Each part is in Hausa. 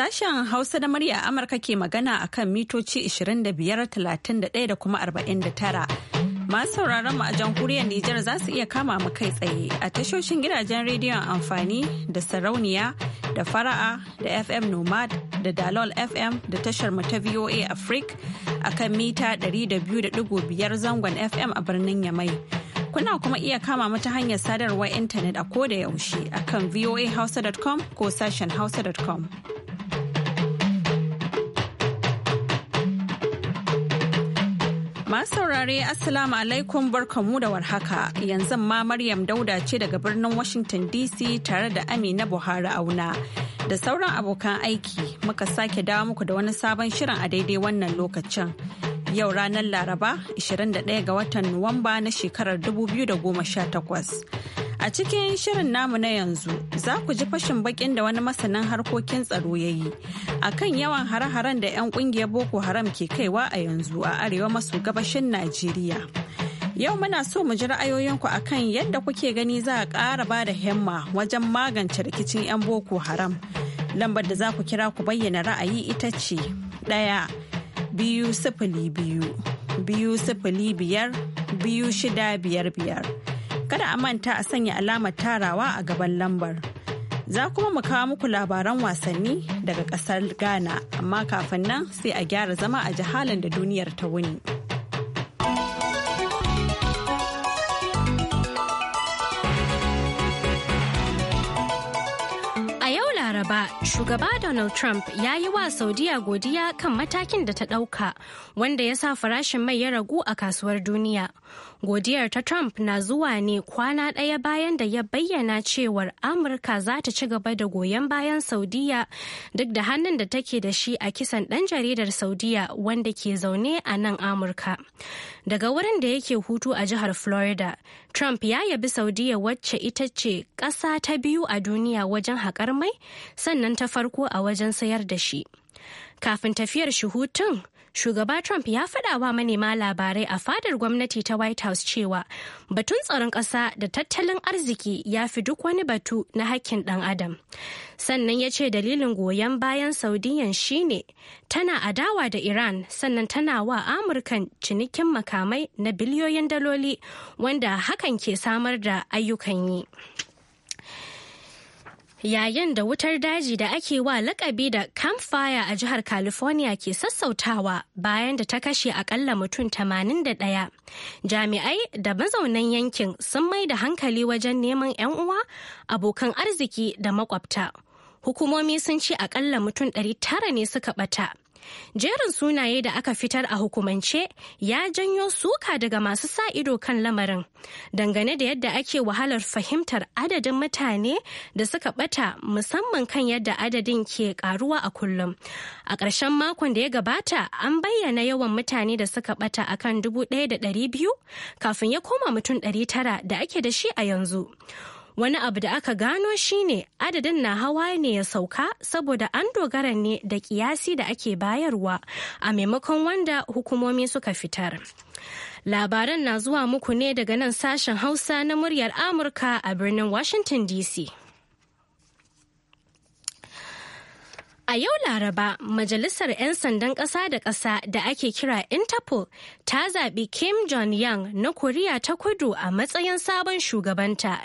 Sashen Hausa da murya Amurka ke magana a kan mitoci 25,31 da kuma 49. Masu sauraron mu a jamhuriyar Nijar za su iya kama mu kai tsaye a tashoshin gidajen rediyon amfani da sarauniya da fara'a da FM Nomad da Dalol FM da tashar mu ta VOA Africa a kan mita 200.5 zangon FM a birnin Yamai. kuna kuma iya kama mata hanyar sadarwar intanet a koda yaushe kan voahausa.com ko sashen hausa.com. Masu saurare Assalamu alaikum barkamu da warhaka yanzu ma Maryam Dauda ce daga birnin Washington DC tare da Amina Buhari auna da sauran abokan aiki muka sake dawo muku da wani sabon shirin a daidai wannan lokacin. Yau ranar Laraba 21 ga watan Nuwamba na shekarar 2018. A cikin shirin namu na yanzu za ku ji fashin bakin da wani masanin harkokin tsaro ya yi a kan yawan hare-haren da 'yan ƙungiyar Boko Haram ke kaiwa a yanzu a arewa maso gabashin Najeriya. Yau muna so mu ji ra'ayoyinku a kan yadda kuke gani za a ƙara ba da himma wajen magance rikicin 'yan Boko Haram. Lambar da za ku kira ku bayyana ra'ayi ita ce ɗaya biyu sifili biyu biyu sifili biyar biyu shida biyar biyar. Kada a manta a sanya alamar tarawa a gaban lambar. Za kuma mu kawo muku labaran wasanni daga ƙasar Ghana, amma kafin nan sai a gyara zama a jihalin da duniyar ta wuni. ba shugaba Donald Trump ya yi wa Saudiya godiya kan matakin da ta ɗauka wanda ya sa farashin mai ya ragu a kasuwar duniya. Godiyar ta Trump na zuwa ne kwana ɗaya bayan da ya bayyana cewar Amurka za ta ci gaba da goyon bayan Saudiya duk da hannun da take da shi a kisan ɗan jaridar Saudiya wanda ke zaune a nan Amurka. Daga wurin da yake hutu a jihar Florida, Trump ya yabi Saudiya wacce ita ce ƙasa ta biyu a duniya wajen haƙar mai sannan ta farko a wajen sayar da shi. Kafin tafiyar shi hutun, shugaba Trump ya faɗa wa manema labarai a fadar gwamnati ta White House cewa batun tsaron ƙasa da tattalin arziki ya fi duk wani batu na hakkin ɗan adam. Sannan ya ce dalilin goyon bayan Saudiyan shine tana adawa da Iran sannan tana wa Amurkan cinikin makamai na biliyoyin daloli wanda hakan ke samar da ayyukan yi. yayin da wutar daji da ake wa lakabi da campfire a jihar california ke sassautawa bayan da ta kashe akalla mutum 81 jami'ai da mazaunan yankin sun mai da hankali wajen neman 'yan uwa abokan arziki da makwabta hukumomi sun ce akalla mutum ɗari tara ne suka ɓata. Jerin sunaye da aka fitar a hukumance ya janyo suka daga masu sa ido kan lamarin dangane da yadda ake wahalar fahimtar adadin mutane da suka bata musamman kan yadda adadin ke karuwa a kullum. A ƙarshen makon da ya gabata an bayyana yawan mutane da suka bata a kan biyu kafin ya koma mutum ɗari tara da ake da shi a yanzu. wani abu da aka gano shine adadin na hawa ne ya sauka saboda an dogara ne da kiyasi da ake bayarwa a maimakon wanda hukumomi suka fitar labaran na zuwa muku ne daga nan sashen hausa na muryar amurka a birnin washington dc A yau Laraba, Majalisar 'yan sandan ƙasa da ƙasa da ake kira Interpol ta zaɓi Kim Jong-yang na Koriya ta kudu a matsayin sabon shugabanta.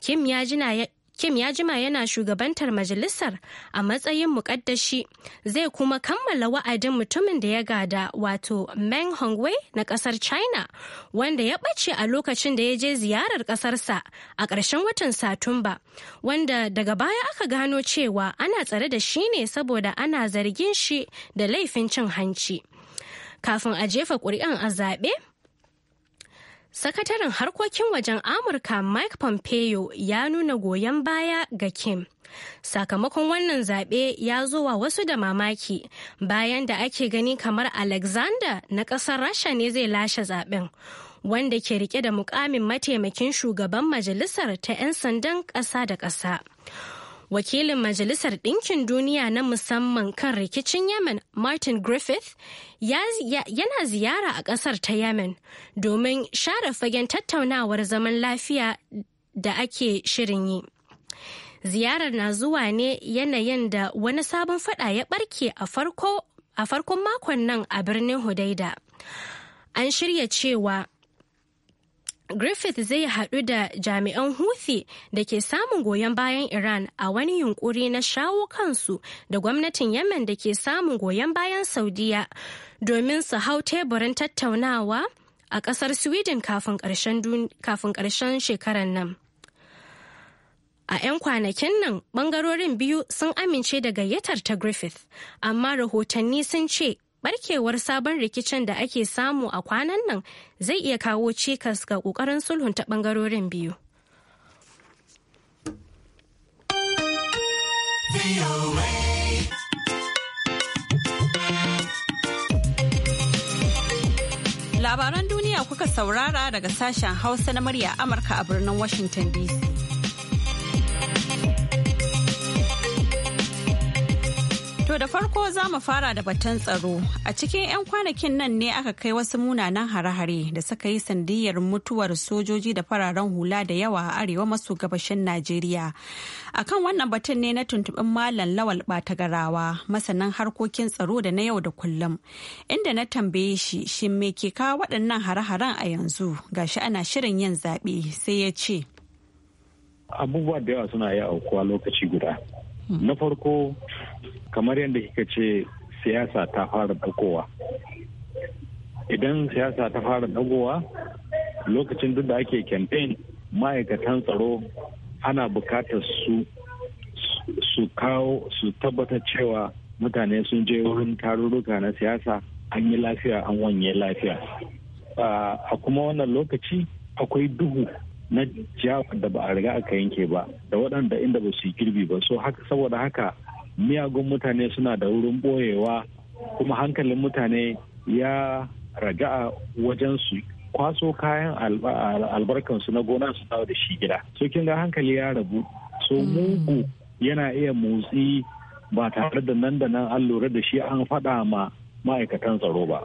Kim ya jina Kim ya jima yana shugabantar majalisar a matsayin mukaddashi zai kuma kammala wa'adin mutumin da ya gada wato Meng Hongwei na kasar China wanda ya ɓace a lokacin da ya je ziyarar ƙasarsa a ƙarshen watan Satumba wanda daga baya aka gano cewa ana tsare da shi ne saboda ana zargin shi da laifin cin hanci. Kafin a jefa ƙuri'an a zaɓe, Sakataren harkokin wajen Amurka Mike Pompeo ya nuna goyon baya ga Kim. Sakamakon wannan zaɓe ya zo wa wasu da mamaki bayan da ake gani kamar Alexander na ƙasar Rasha ne zai lashe zaɓen, wanda ke rike da mukamin mataimakin shugaban majalisar ta 'yan sandan ƙasa da ƙasa. wakilin majalisar ɗinkin duniya na musamman kan rikicin yemen martin griffith yana ziyara a ƙasar ta yemen domin share fagen tattaunawar zaman lafiya da ake shirin yi ziyarar na zuwa ne yanayin da wani sabon fada ya barke a farkon makon nan a birnin hudaida an shirya cewa Griffith zai haɗu da jami'an Houthi da ke samun goyon bayan Iran a wani yunƙuri na shawo kansu da gwamnatin Yemen da ke samun goyon bayan Saudiya domin su hau teburin tattaunawa a ƙasar Sweden kafin ƙarshen shekarar nan. A 'yan kwanakin nan ɓangarorin biyu sun amince da gayyatar ta Griffith, amma rahotanni sun ce barkewar sabon rikicin da ake samu a kwanan nan zai iya kawo cikas ga kokarin sulhun ta bangarorin biyu. Labaran duniya kuka saurara daga sashen Hausa na murya Amurka a birnin Washington DC. da farko za mu fara da batun tsaro. A cikin 'yan kwanakin nan ne aka kai wasu munanan hare-hare da suka yi sandiyar mutuwar sojoji da fararen hula da yawa a arewa maso gabashin Najeriya. A kan wannan batun ne na tuntuɓin Malam Lawal Batagarawa, masanan harkokin tsaro da na yau da kullum. Inda na tambaye shi, shin me ke kawo waɗannan hare-haren a yanzu? Gashi ana shirin yin zaɓe sai ya ce. abubuwa da yawa suna yi aukuwa lokaci guda na farko kamar yadda kika ce siyasa ta fara dagowa idan siyasa ta fara dagowa lokacin duk da ake campaign ma'aikatan tsaro ana bukatar su su kawo su tabbatar cewa mutane sun je wurin tarurruka na siyasa an yi lafiya an wanye lafiya a kuma wannan lokaci akwai duhu na jawa da ba a riga aka yanke ba da waɗanda inda ba su yi girbi ba so haka saboda haka miyagun mutane suna da wurin boyewa kuma hankalin mutane ya raga wajen su kwaso kayan albarkansu na gona su dawo da shi gida so kin ga hankali ya rabu so mugu yana iya motsi ba tare da nan da nan an lura da shi an faɗa ma ma'aikatan tsaro ba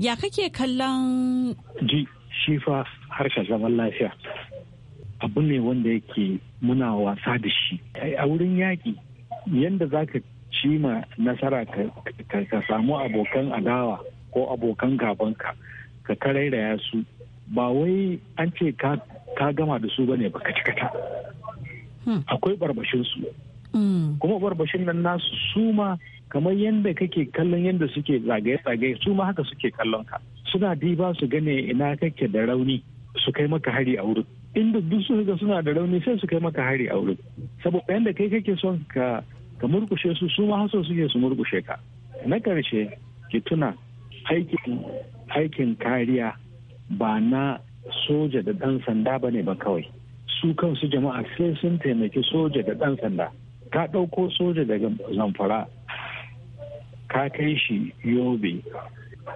ya kake kallon ji shifa fa harshen zaman lafiya abu ne wanda yake muna wasa da shi a wurin yaƙi yadda za ka ci ma nasara ka samu abokan adawa ko abokan gabanka ka karairaya su ba wai an ce ka gama da su ba ne baka cikata hmm. akwai barbashinsu hmm. kuma barbashin nan nasu su ma kamar yadda kake kallon yadda suke zagaye-zagaye su ma haka suke kallon ka suna diba su gane ina kake da rauni su kai maka hari a wurin inda duk su ga suna da rauni sai su kai maka hari a wurin saboda yadda kai kake son ka ka murkushe su su ma haso suke su murkushe ka na karshe ki tuna aikin kariya ba na soja da dan sanda ba ne ba kawai su kansu jama'a sai sun taimaki soja da dan sanda ka ɗauko soja daga zamfara ka kai shi yobe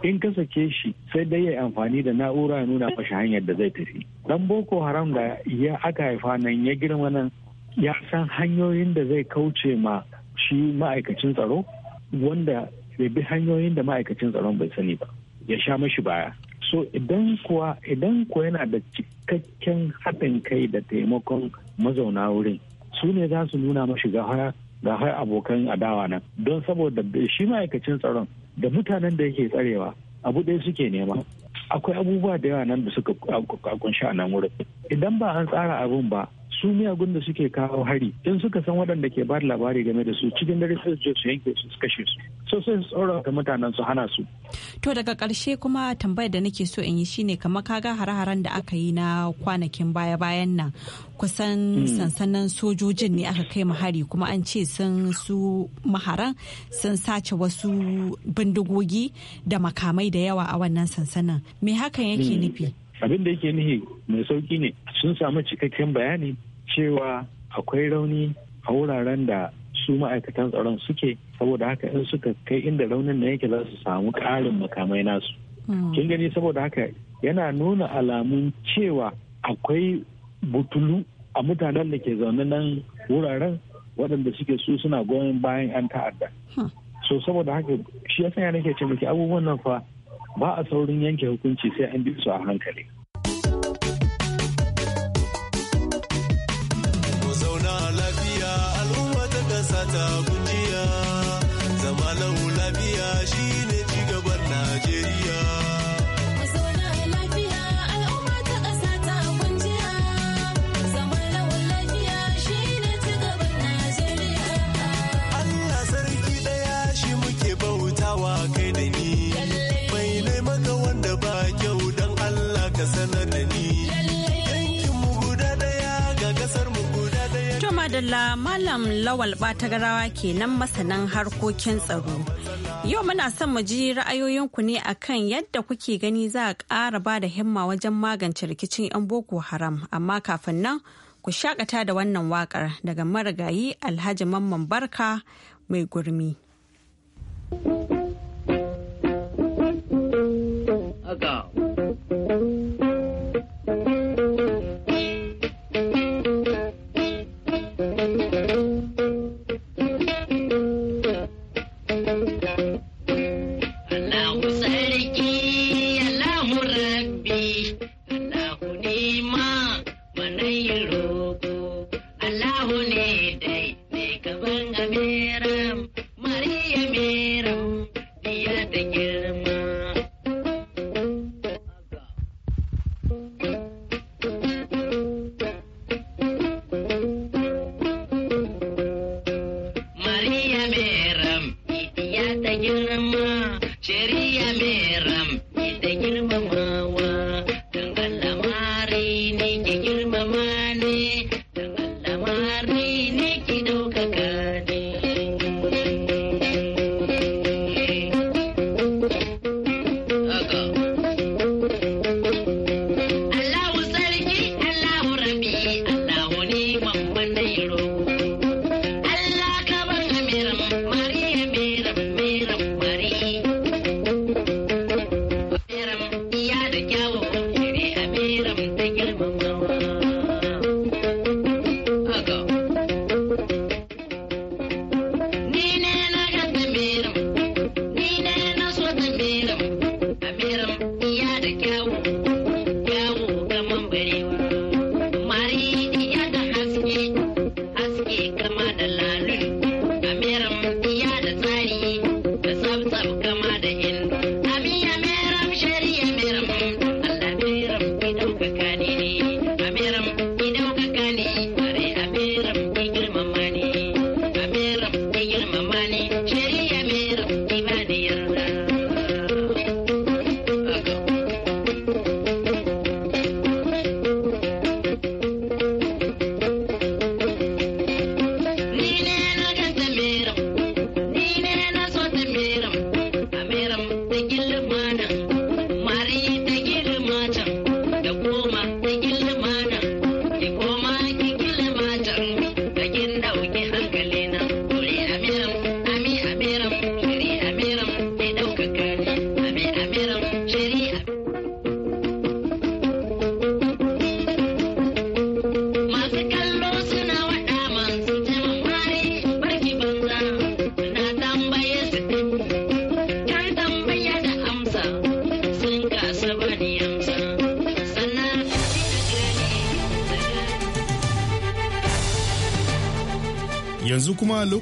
in ka sake shi sai dai ya yi amfani da na'ura ya nuna mashi hanyar da zai tafi dan boko haram da ya aka haifa nan ya girma nan ya san hanyoyin da zai kauce ma shi ma'aikacin tsaro wanda bai bi hanyoyin da ma'aikacin tsaron bai sani ba ya sha mashi baya so idan kuwa idan kuwa yana da cikakken haɗin kai da taimakon mazauna wurin su ne za su nuna mashi ga har abokan adawa nan don saboda shi ma'aikacin tsaron da mutanen da yake tsarewa abu ɗaya suke nema akwai abubuwa da yawa nan da suka kunshi a nan wurin idan ba an tsara abun ba su miyagun da suke kawo hari in suka san waɗanda ke ba da labari game da su cikin dare sai su yanke su kashe su so sai su tsorata mutanen su hana su to daga karshe kuma tambayar da nake so in yi shine kamar kaga hare-haren da aka yi na kwanakin baya-bayan nan kusan hmm. sansanin sojojin ne aka kai hari kuma an ce sun su maharan sun sace wasu bindigogi da makamai da yawa a wannan sansanin me hakan yake hmm. nufi abin da yake nihi mai sauki ne sun samu cikakken bayani cewa akwai rauni a wuraren da su ma'aikatan tsaron suke saboda haka in suka kai inda raunin na yake za su samu ƙarin makamai nasu hmm. kin gani saboda haka yana nuna alamun cewa akwai butulu a mutanen da ke zaune nan wuraren waɗanda suke su suna goyon bayan 'yan ta'adda hmm. so saboda haka shi ya sanya nake ce muke abubuwan nan fa ba a saurin yanke hukunci sai an bi su a hankali madalla malam lawal batagarawa kenan masanan harkokin tsaro yau muna son mu ji ra'ayoyinku ne akan yadda kuke gani za a ƙara ba da himma wajen magance rikicin 'yan boko haram amma kafin nan ku shakata da wannan wakar daga marigayi alhaji mamman barka mai gurmi.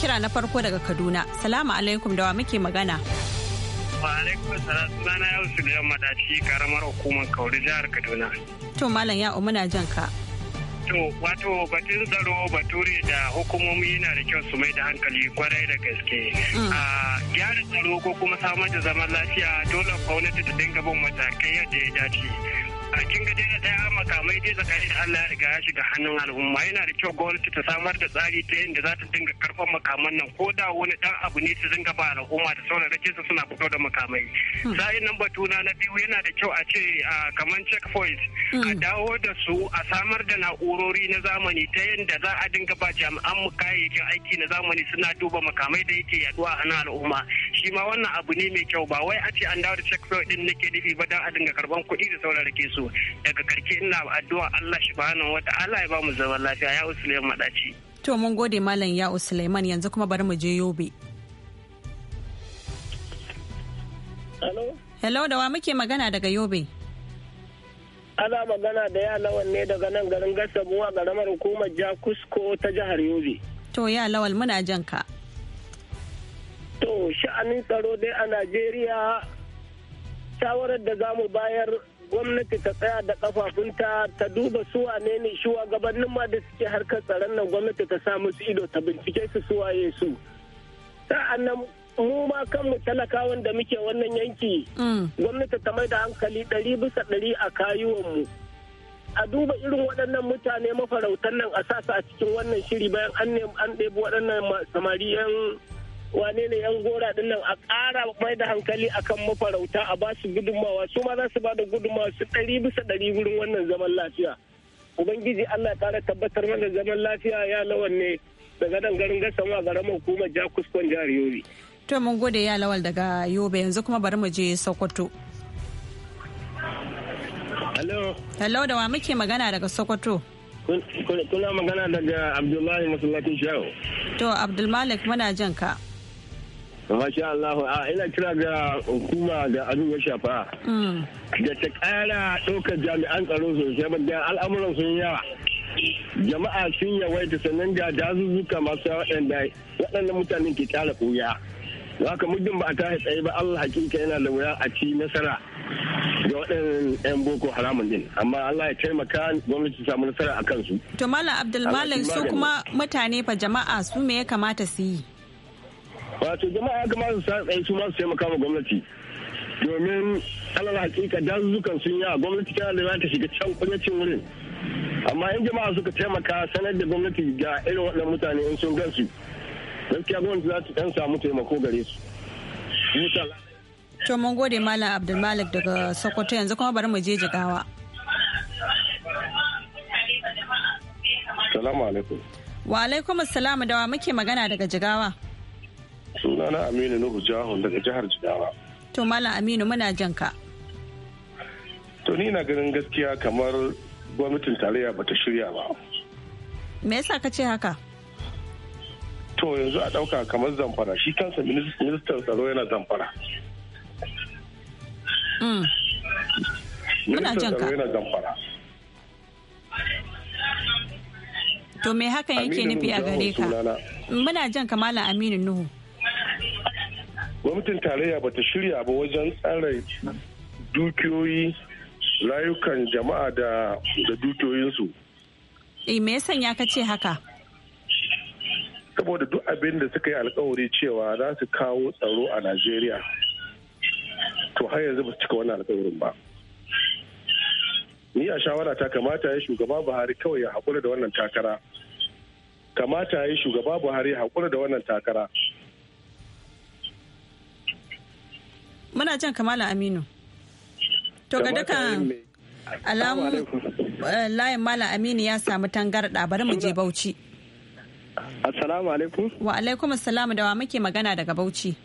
kira na farko daga Kaduna. Salamu alaikum da wa muke magana. Wa alaikum salam yau su da karamar hukumar Kauri jihar Kaduna. To malam ya muna jan ka. To wato batun tsaro bature da hukumomi yana da kyau su mai da hankali kwarai da gaske. Mm. A gyara tsaro ko kuma samar da zaman lafiya dole gwamnati ta dinga bin matakai yadda ya dace. a kin ga dai ta makamai dai tsakani da Allah ya riga ya shiga hannun al'umma yana da kyau gwamnati ta samar da tsari ta yadda za ta dinga karɓar makaman nan ko da wani dan abu ne ta dinga ba al'umma da sauran rake su suna fito da makamai hmm. sai nan batuna na na biyu yana da kyau a ce kamar checkpoint a hmm. dawo da su a samar da na'urori na zamani ta yadda za a dinga ba jami'an mu kayayyakin aiki na zamani suna duba makamai da yake yaduwa a hannun al'umma shi ma wannan abu ne mai kyau ba wai a ce an dawo da checkpoint din nake nufi ba dan a dinga karɓan kuɗi da sauran rake su su daga karshe ina addu'a Allah shi wata. Allah ya ba mu zaman lafiya ya Suleiman Madaci to mun gode malam ya Suleiman yanzu kuma bari mu je Yobe Hello Hello da wa muke magana daga Yobe ana magana da ya lawan ne daga nan garin gasa gasabuwa garamar hukumar jakusko ta jihar yobe to ya lawal muna jan ka to sha'anin tsaro dai a najeriya shawarar da zamu bayar gwamnati ta tsaya da kafafunta ta duba suwa ne ne shugabannin ma da suke harkar tsaron nan gwamnati ta sa musu ido ta bincike su su waye su sa'annan mu ma kanmu talakawan da muke wannan yanki mm. gwamnati ta mai da hankali ɗari bisa ɗari a kayuwan mu. a duba irin waɗannan mutane mafarautan nan a sasa a cikin wannan shiri bayan an ɗebi waɗannan samari 'yan wane ne yan gora din nan a ƙara mai da hankali akan mafarauta a basu gudunmawa su ma za su ba da gudunmawa su ɗari bisa ɗari wurin wannan zaman lafiya ubangiji allah tare tabbatar mana zaman lafiya ya lawan ne daga nan garin gasanwa garin hukumar ja kuskon jihar yobe to mun gode ya lawal daga yobe yanzu kuma bari mu je sokoto Hello. Hello da wa muke magana daga Sokoto. Kuna magana daga Abdullahi Masallacin Shawo. To Abdulmalik muna jan ka. Masha Allah, ina kira ga hukuma da abin ya shafa. Mm. Da ta kara ɗaukar jami'an tsaro sosai, da al'amuran sun yawa. Jama'a sun yawaita sannan ga dazuzzuka masu waɗanda waɗannan mutanen ke ƙara koya Haka muddin ba a tashi tsaye ba Allah hakika yana da wuya a ci nasara ga waɗannan 'yan boko haramun din amma Allah ya taimaka gwamnati samu nasara a kansu. To Malam Abdulmalik su kuma mutane fa jama'a su me ya kamata su yi? wato jama'a ya kamata su sa tsaye su masu taimaka ma gwamnati domin alal hakika dazuzzukan sun a gwamnati tana da za ta shiga can kunyacin wurin amma in jama'a suka taimaka sanar da gwamnati ga irin waɗannan mutane in sun gansu gaskiya gwamnati za ta ɗan samu taimako gare su to mun gode malam abdulmalik daga sokoto yanzu kuma bari mu je jigawa salamu alaikum wa alaikum assalamu dawa muke magana daga jigawa sunana aminu nuhu jahun daga jihar jigawa to malam aminu muna jan ka to ni na ganin gaskiya kamar gwamnatin tarayya bata shirya ba me yasa ka ce haka to yanzu a dauka kamar zamfara shi kansa ministan tsaro yana zamfara mm. muna jan ka yana zamfara to me hakan yake nufi a gare ka muna jan ka malam aminu nuhu gwamnatin tarayya ba ta shirya ba wajen tsara dukiyoyi rayukan jama'a da dukiyoyinsu e me yasa ya ka ce haka saboda duk abin da suka yi alkawari cewa za su kawo tsaro a najeriya to har yanzu ba su cika wannan alkawarin ba ni a shawara ta kamata ya shugaba buhari kawai ya haƙura da wannan takara kamata ya shugaba buhari ya haƙura da wannan takara muna jan kamala aminu to ga dukan alamu eh, layin mala aminu ya samu tangarɗa bari mu je bauchi assalamu alaikum wa alaikum assalamu da wa muke magana daga bauchi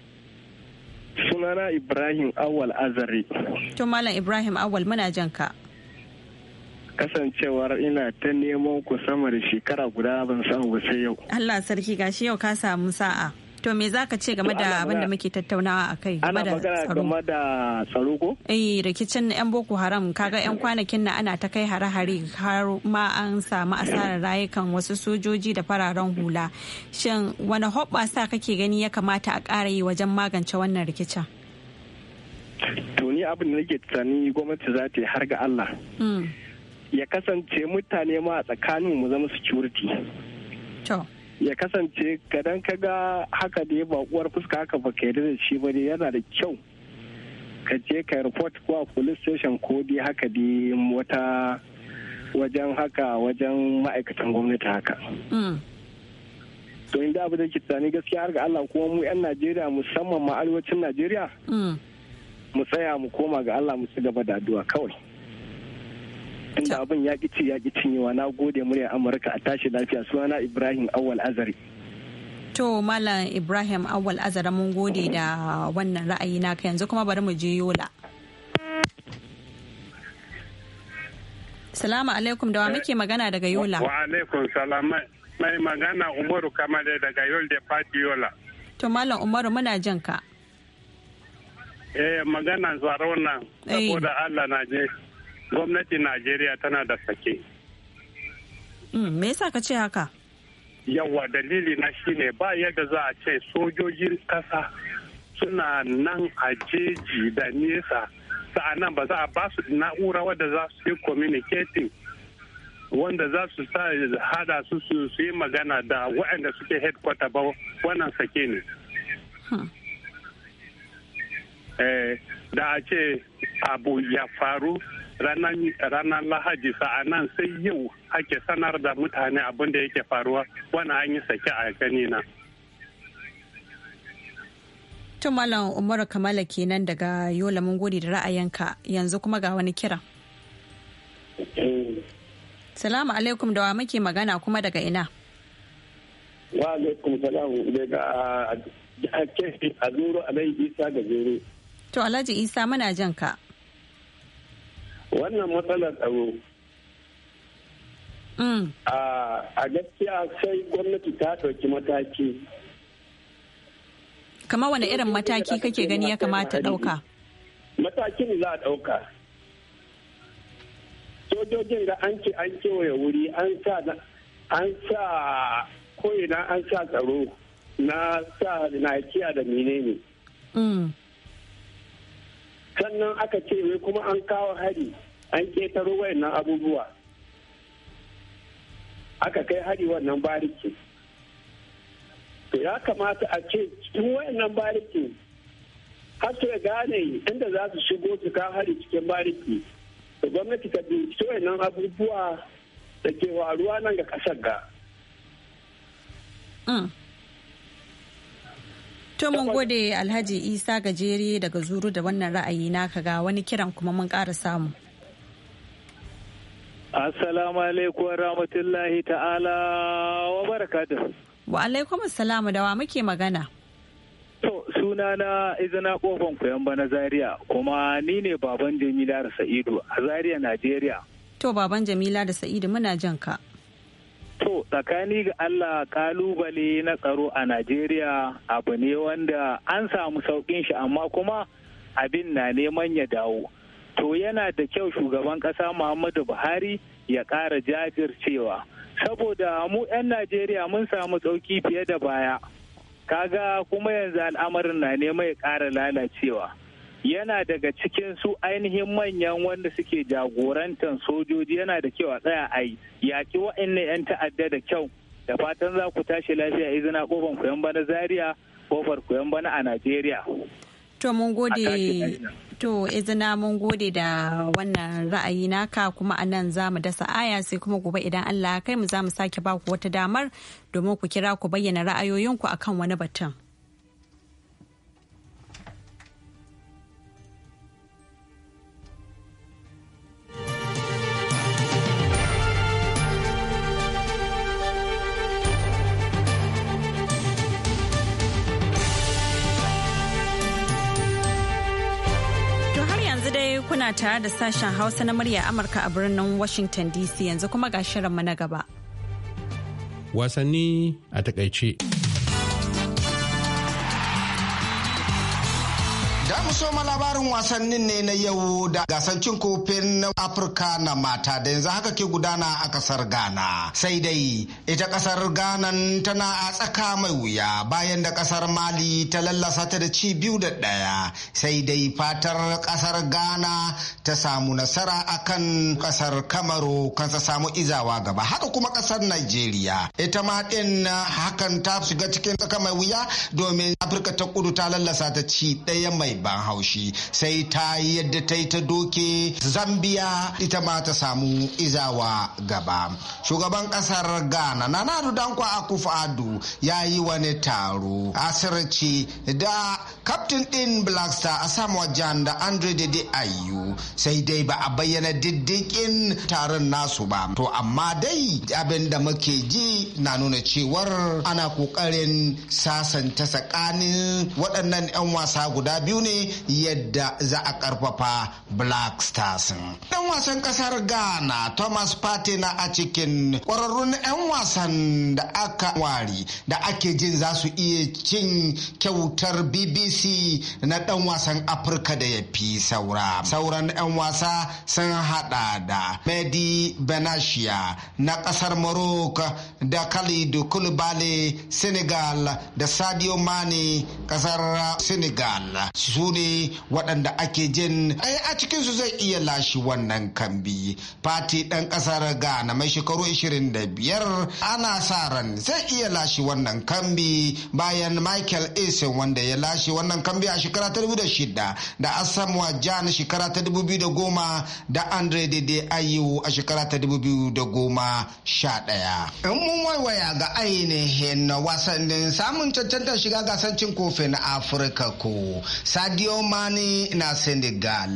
sunana ibrahim awal azari to malam ibrahim awal muna jan ka kasancewar ina ta neman ku sama da shekara guda ban samu sai yau allah sarki gashi yau ka samu sa'a To me za ka ce game da abin da muke tattaunawa a kai? Ana magana game da tsaro ko? Eh rikicin 'yan Boko Haram kaga 'yan kwanakin na ana ta kai hare-hare har ma an samu asarar rayukan wasu sojoji da fararen hula. Shin wani hoɓɓasa kake gani ya kamata a ƙara yi wajen magance wannan rikicin? To ni abin da nake tunani gwamnati za ta har ga Allah. Hmm. ya kasance mutane ma a tsakanin mu zama security. ya kasance kadan ka ga haka da ya bakuwar fuska haka ba ka yarda da shi ba yana da kyau ka je ka report ko a police station ko dai haka da wata wajen haka wajen ma'aikatan gwamnati haka. Mm. To inda abu da ke tsani gaskiya har ga Allah kuma mu 'yan Najeriya musamman ma arewacin Najeriya. Mm. Mu tsaya mu koma ga Allah mu ci gaba da addu'a kawai. tunda abin ya ƙi ci ya ƙi cinyewa na gode murya amurka a tashi lafiya sunana ibrahim awal azari to malam ibrahim awal azara mun gode da wannan ra'ayi naka yanzu kuma bari mu je yola salamu alaikum da wa muke magana daga yola wa alaikum salam mai magana umaru kamar daga yola da fati yola to malam umaru muna jin ka eh magana zuwa nan eh. saboda allah na je gwamnatin najeriya tana da sake hmm, me yasa ka ce haka yawa dalili na shine ba yadda za a ce sojojin ƙasa suna nan a jeji da nesa sa'annan ba za a ba su na'ura wadda za su yi communicating wanda za su sa hada su su yi magana da waɗanda suke headquarter ba wannan sake ne hmm. eh, da a ce abu ya faru ranar lahadi sa'anan sai yau ake sanar da mutane abin da yake faruwa wani an yi sake a gani na. Tumalan Umar Kamala kenan daga Yola mun gode da ra'ayinka yanzu kuma ga wani kira. Salamu alaikum da wa muke magana kuma daga ina. Wa alaikum salamu daga a zuru alai isa da zuru. To Alhaji Isa muna jan ka. wannan matsalar tsaro mm. a gaskiya sai gwamnati ta ɗauki mataki kama wani irin mataki kake gani ya kamata ɗauka matakin za a ɗauka sojojin da an ce an kewaye wuri an sa an sa an sa tsaro na sa na kiya da menene mm. sannan aka ce wai kuma an kawo hari an ƙetaro wayannan abubuwa aka kai hari wannan bariki to ya kamata a ce cikin wayannan bariki har su gane inda za su shigo su ka hari cikin bariki da gwamnati ta bincike wayannan abubuwa da ke waruwa nan ga ƙasar ga. Mm. To mun gode Alhaji Isa gajere daga zuru da wannan ra'ayi naka ga wani kiran kuma mun ƙara samu. Assalamu alaikum rahmatullahi ta'ala wa barakatuh. Wa alaikum assalamu da wa muke magana. To suna na izina kofan koyon bana Zaria kuma ni ne baban Jamila da Sa'idu a Zaria Najeriya. To baban Jamila da Sa'idu muna jan ka. To tsakani ga Allah kalubale na tsaro a Najeriya abu ne wanda an samu saukin shi amma kuma abin na neman ya dawo. to yana da kyau shugaban kasa muhammadu buhari ya ƙara jajircewa saboda mu 'yan najeriya mun samu tsauki fiye da baya kaga kuma yanzu al'amarin na nema ya ƙara lalacewa yana daga cikin su ainihin manyan wanda suke jagorantar sojoji yana da kyau a tsaya a yi yaƙi wa'annan 'yan ta'adda da kyau da fatan za ku tashi lafiya izina kofar koyon bana zaria kofar koyon bana a najeriya to mun gode To, izina mun gode da wannan ra'ayi naka kuma a nan za mu dasa aya sai kuma gobe idan Allah kai mu za mu sake ba ku wata damar domin ku kira ku bayyana ra'ayoyinku akan wani batun. kuna tare da sashen Hausa na murya Amurka a birnin Washington DC yanzu kuma ga shirinmu na gaba. Wasanni a takaice. labarin wasannin ne na yau da gasar cin kofin na Afirka na mata da yanzu haka ke gudana a kasar Ghana. Sai dai ita kasar Ghana tana a tsaka mai wuya bayan da kasar Mali ta lallasa ta da ci biyu da ɗaya. Sai dai fatar kasar Ghana ta samu nasara akan kasar Kamaru ta samu izawa gaba. Haka kuma kasar Najeriya ita ma din hakan ta shiga cikin tsaka mai wuya domin Afirka ta kudu ta lallasa ta ci ɗaya mai ban haushi. shi sai ta yi yadda ta yi ta doke zambiya ita ma ta samu izawa gaba shugaban kasar ghana nanadu dankwa akufu ya yi wani taro asirci da kaftin din black a samu wajen da andre de ayu sai dai ba a bayyana diddikin taron nasu ba to amma dai abin da muke ji na nuna cewar ana kokarin sasanta tsakanin waɗannan 'yan wasa guda biyu ne yadda za a karfafa black stars dan wasan kasar ghana thomas patina a cikin kwararrun 'yan wasan da aka wari da ake jin za su iya cin kyautar bbc na dan wasan afirka da ya fi saura sauran 'yan wasa sun hada da medi benashia na kasar morocco da khalidu kulbale senegal da sadio mani kasar senegal su ne waɗanda ake jin ai eh, a cikinsu zai iya lashe wannan kambi fati ɗan ƙasar ghana mai shekaru 25 ana sa ran zai iya lashe wannan kambi bayan michael eason wanda ya lashe wannan kambi a shekara ta dubu da shida da asamuwa jan shekara ta dubu biyu da goma da andre dede ayu a shekara ta dubu biyu da goma ɗaya in mun waiwaya ga ainihin wasannin samun cancantar shiga gasar cin kofin afirka ko sadio mani na senegal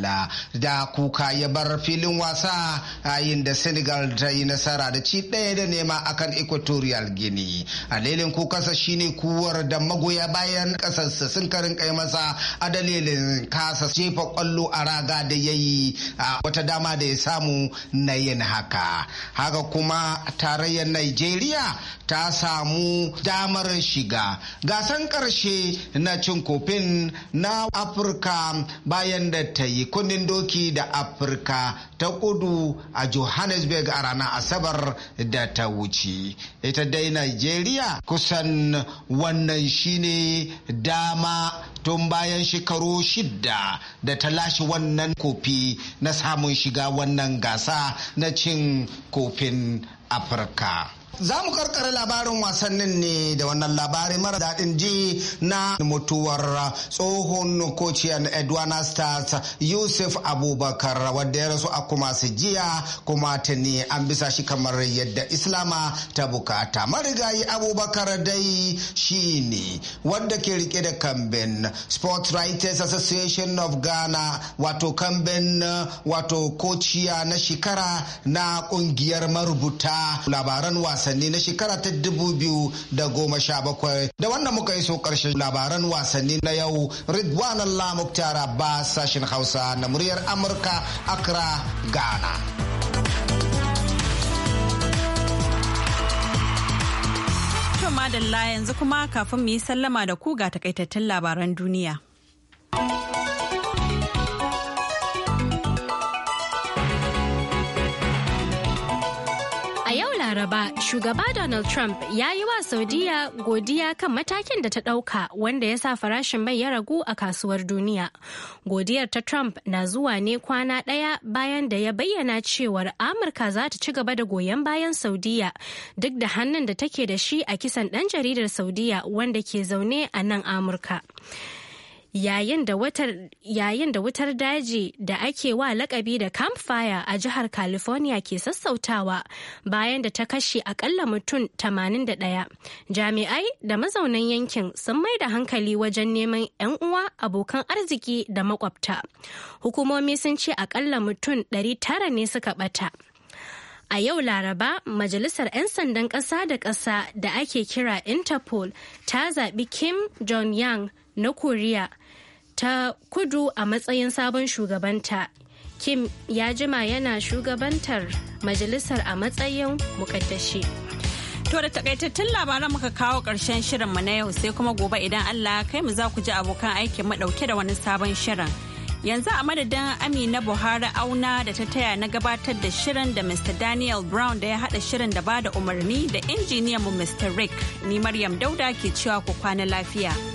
da kuka ya bar filin wasa yayin da senegal ta yi nasara da ci ɗaya da nema akan equatorial guinea dalilin kukansa shine kuwar da magoya bayan ƙasarsa sun karin kai masa a dalilin kasa jefa kwallo a raga da ya yi wata dama da ya samu na yin haka haka kuma tarayyar nigeria ta samu damar shiga gasan ƙarshe na cin kofin na afirka amurka bayan da ta yi kundin doki da afirka ta kudu a johannesburg a ranar asabar da ta wuce ita dai Najeriya kusan wannan shine dama tun bayan shekaru shidda da ta lashe wannan kofi na samun shiga wannan gasa na cin kofin afirka Za mu karkara labarin wasannin ne da wannan labari mara daɗin ji na mutuwar tsohon kociyan Edwana Stars Yusuf Abubakar wadda ya rasu a kuma su jiya kuma ta ne an bisa shi kamar yadda Islama ta bukata. Marigayi Abubakar dai shi ne wadda ke rike da kamben Sports Writers Association of Ghana wato kamben wato kociya na shekara na ƙungiyar marubuta labaran wasannin. wasanni na shekara ta dubu biyu da goma sha bakwai da wannan muka yi iso karshen labaran wasanni na yau ridwan allah muktara ba sashen hausa na muryar amurka accra ghana madalla yanzu kuma kafin mu yi sallama da ku ga takaitattun labaran duniya. Laraba, shugaba Donald Trump ya yi wa Saudiya godiya kan matakin da ta ɗauka wanda ya sa farashin mai ya ragu a kasuwar duniya. Godiyar ta Trump na zuwa ne kwana ɗaya bayan da ya bayyana cewar Amurka za ta ci gaba da goyon bayan Saudiya duk da hannun da take da shi a kisan ɗan jaridar Saudiya wanda ke zaune a nan Amurka. yayin da wutar daji da ake wa lakabi da campfire a jihar california ke sassautawa bayan da ta kashe akalla mutum 81 jami'ai da mazaunan yankin sun mai da hankali wajen neman 'yan uwa abokan arziki da makwabta hukumomi sun ce akalla mutum 900 ne suka bata A yau Laraba, Majalisar 'Yan Sandan Ƙasa da Ƙasa da ake kira Interpol ta zaɓi Kim Jong-yang na koriya ta kudu a matsayin sabon shugabanta kim ya jima yana shugabantar majalisar a matsayin mukaddashi. To da takaitattun labaran muka kawo ƙarshen mu na yau sai kuma gobe idan Allah kai mu za ku ji abokan aikin mu ɗauke da wani sabon shirin. Yanzu a madadin Amina Buhari auna da ta taya na gabatar da shirin da Mr. Daniel Brown da ya haɗa shirin da bada umarni da injiniyan mu Mr. Rick. Ni Maryam Dauda ke cewa ku kwana lafiya.